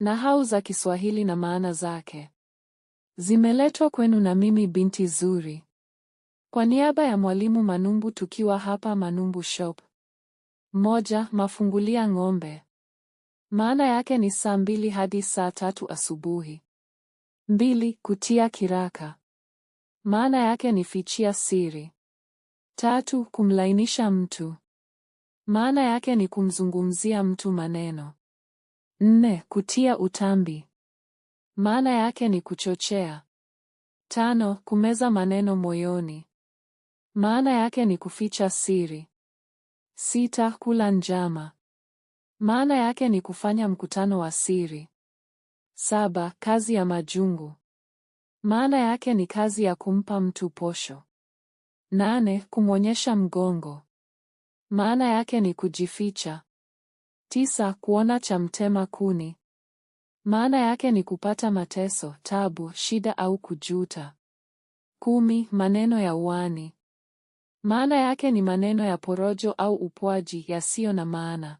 Nahau za Kiswahili na maana zake zimeletwa kwenu na mimi binti Zuri, kwa niaba ya mwalimu Manumbu, tukiwa hapa Manumbu Shop. Moja, mafungulia ng'ombe, maana yake ni saa mbili hadi saa tatu asubuhi. Mbili, kutia kiraka, maana yake ni fichia siri. Tatu, kumlainisha mtu, maana yake ni kumzungumzia mtu maneno. Nne, kutia utambi. Maana yake ni kuchochea. Tano, kumeza maneno moyoni. Maana yake ni kuficha siri. Sita, kula njama. Maana yake ni kufanya mkutano wa siri. Saba, kazi ya majungu. Maana yake ni kazi ya kumpa mtu posho. Nane, kumwonyesha mgongo. Maana yake ni kujificha. Tisa, kuona cha mtema kuni. Maana yake ni kupata mateso, tabu, shida au kujuta. Kumi, maneno ya uani. Maana yake ni maneno ya porojo au upwaji yasiyo na maana.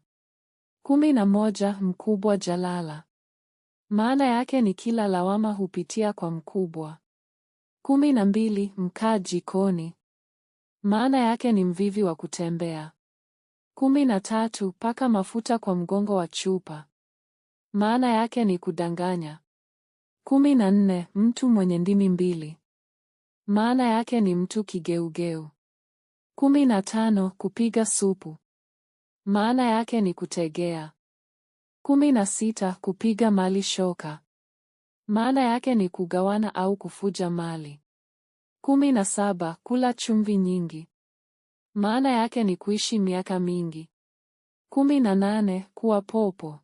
Kumi na moja, mkubwa jalala. Maana yake ni kila lawama hupitia kwa mkubwa. Kumi na mbili, mkaa jikoni. Maana yake ni mvivi wa kutembea kumi na tatu. Paka mafuta kwa mgongo wa chupa, maana yake ni kudanganya. kumi na nne. Mtu mwenye ndimi mbili, maana yake ni mtu kigeugeu. kumi na tano. Kupiga supu, maana yake ni kutegea. kumi na sita. Kupiga mali shoka, maana yake ni kugawana au kufuja mali. kumi na saba. Kula chumvi nyingi maana yake ni kuishi miaka mingi. kumi na nane. Kuwa popo,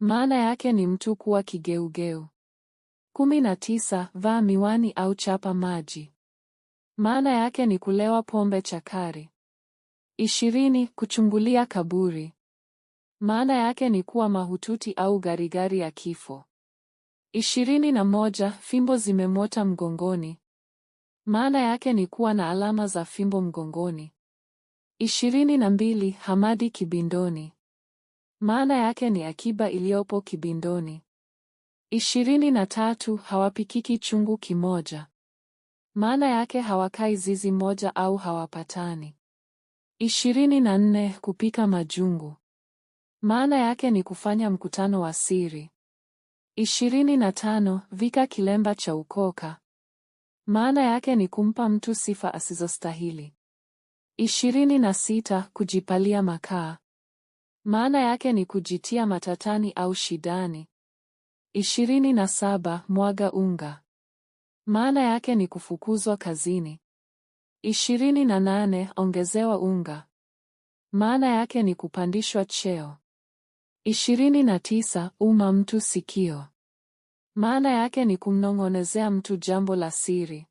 maana yake ni mtu kuwa kigeugeu. kumi na tisa. Vaa miwani au chapa maji, maana yake ni kulewa pombe chakari. ishirini. Kuchungulia kaburi, maana yake ni kuwa mahututi au garigari ya kifo. ishirini na moja. Fimbo zimemota mgongoni, maana yake ni kuwa na alama za fimbo mgongoni. ishirini na mbili. Hamadi kibindoni, maana yake ni akiba iliyopo kibindoni. ishirini na tatu. Hawapikiki chungu kimoja, maana yake hawakai zizi moja au hawapatani. ishirini na nne. Kupika majungu, maana yake ni kufanya mkutano wa siri. ishirini na tano. Vika kilemba cha ukoka maana yake ni kumpa mtu sifa asizostahili. ishirini na sita. Kujipalia makaa, maana yake ni kujitia matatani au shidani. ishirini na saba. Mwaga unga, maana yake ni kufukuzwa kazini. ishirini na nane. Ongezewa unga, maana yake ni kupandishwa cheo. ishirini na tisa. Uma mtu sikio maana yake ni kumnong'onezea mtu jambo la siri.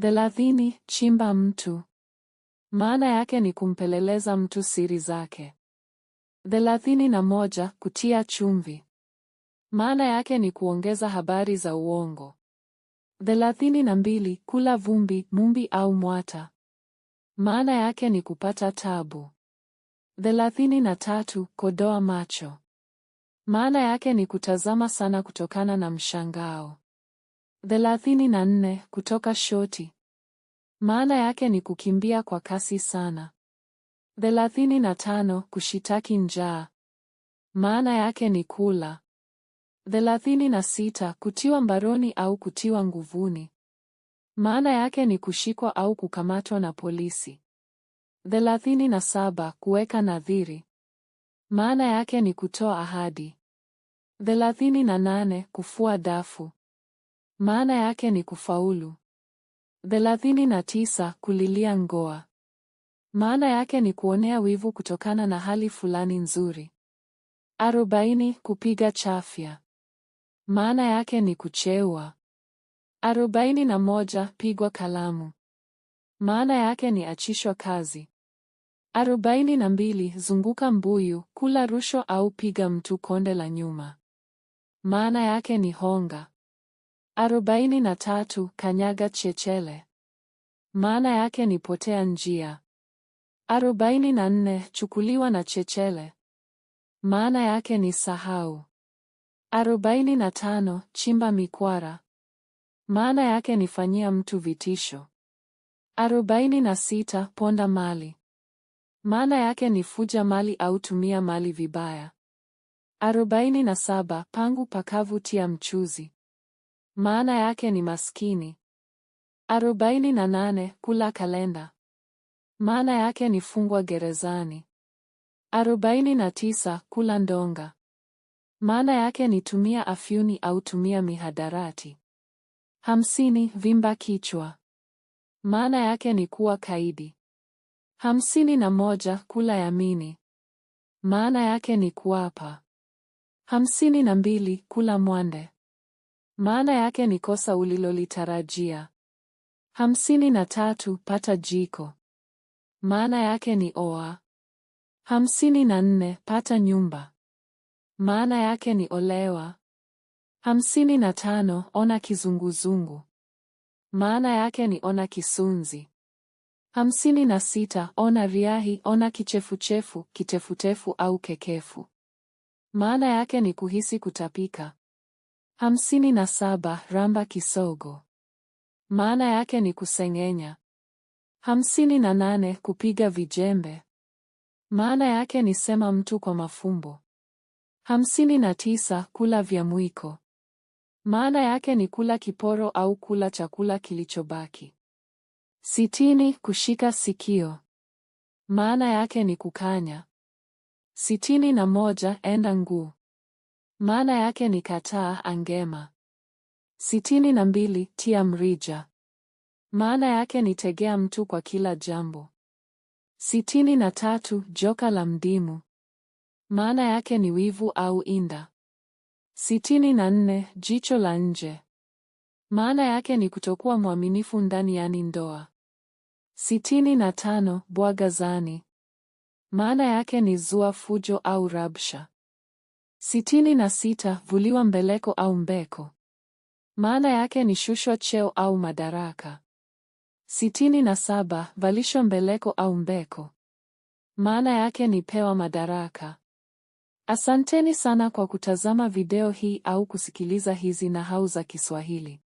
Thelathini, chimba mtu. Maana yake ni kumpeleleza mtu siri zake. Thelathini na moja, kutia chumvi. Maana yake ni kuongeza habari za uongo. Thelathini na mbili, kula vumbi, mumbi au mwata. Maana yake ni kupata tabu. Thelathini na tatu, kodoa macho. Maana yake ni kutazama sana kutokana na mshangao. 34 kutoka shoti. Maana yake ni kukimbia kwa kasi sana. 35 tano kushitaki njaa. Maana yake ni kula. thelathini na sita kutiwa mbaroni au kutiwa nguvuni. Maana yake ni kushikwa au kukamatwa na polisi. 37 kuweka nadhiri. Maana yake ni kutoa ahadi. 38 na Kufua dafu. Maana yake ni kufaulu. 39 na tisa. Kulilia ngoa. Maana yake ni kuonea wivu kutokana na hali fulani nzuri. 40 Kupiga chafya. Maana yake ni kucheua. arobaini na moja. Pigwa kalamu. Maana yake ni achishwa kazi arobaini na mbili. Zunguka mbuyu, kula rushwa au piga mtu konde la nyuma. Maana yake ni honga. arobaini na tatu. Kanyaga chechele. Maana yake ni potea njia. arobaini na nne. Chukuliwa na chechele. Maana yake ni sahau. arobaini na tano. Chimba mikwara. Maana yake ni fanyia mtu vitisho. arobaini na sita. Ponda mali. Maana yake ni fuja mali au tumia mali vibaya. arobaini na saba. Pangu pakavu tia mchuzi. Maana yake ni maskini. arobaini na nane. Kula kalenda. Maana yake ni fungwa gerezani. arobaini na tisa. Kula ndonga. Maana yake ni tumia afyuni au tumia mihadarati. hamsini. Vimba kichwa. Maana yake ni kuwa kaidi hamsini na moja kula yamini, maana yake ni kuapa. hamsini na mbili kula mwande, maana yake ni kosa ulilolitarajia. hamsini na tatu pata jiko, maana yake ni oa. hamsini na nne pata nyumba, maana yake ni olewa. hamsini na tano ona kizunguzungu, maana yake ni ona kisunzi hamsini na sita. Ona riahi, ona kichefuchefu, kitefutefu au kekefu. Maana yake ni kuhisi kutapika. hamsini na saba. Ramba kisogo, maana yake ni kusengenya. hamsini na nane. Kupiga vijembe, maana yake ni sema mtu kwa mafumbo. hamsini na tisa. Kula vya mwiko, maana yake ni kula kiporo au kula chakula kilichobaki. Sitini. Kushika sikio maana yake ni kukanya. Sitini na moja. Enda nguu maana yake ni kataa, angema. Sitini na mbili. Tia mrija maana yake ni tegea mtu kwa kila jambo. Sitini na tatu. Joka la mdimu maana yake ni wivu au inda. Sitini na nne. Jicho la nje maana yake ni kutokuwa mwaminifu ndani, yani ndoa sitini na tano. Bwagazani maana yake ni zua, fujo au rabsha. sitini na sita. Vuliwa mbeleko au mbeko maana yake ni shushwa cheo au madaraka. sitini na saba. Valishwa mbeleko au mbeko maana yake ni pewa madaraka. Asanteni sana kwa kutazama video hii au kusikiliza hizi nahau za Kiswahili.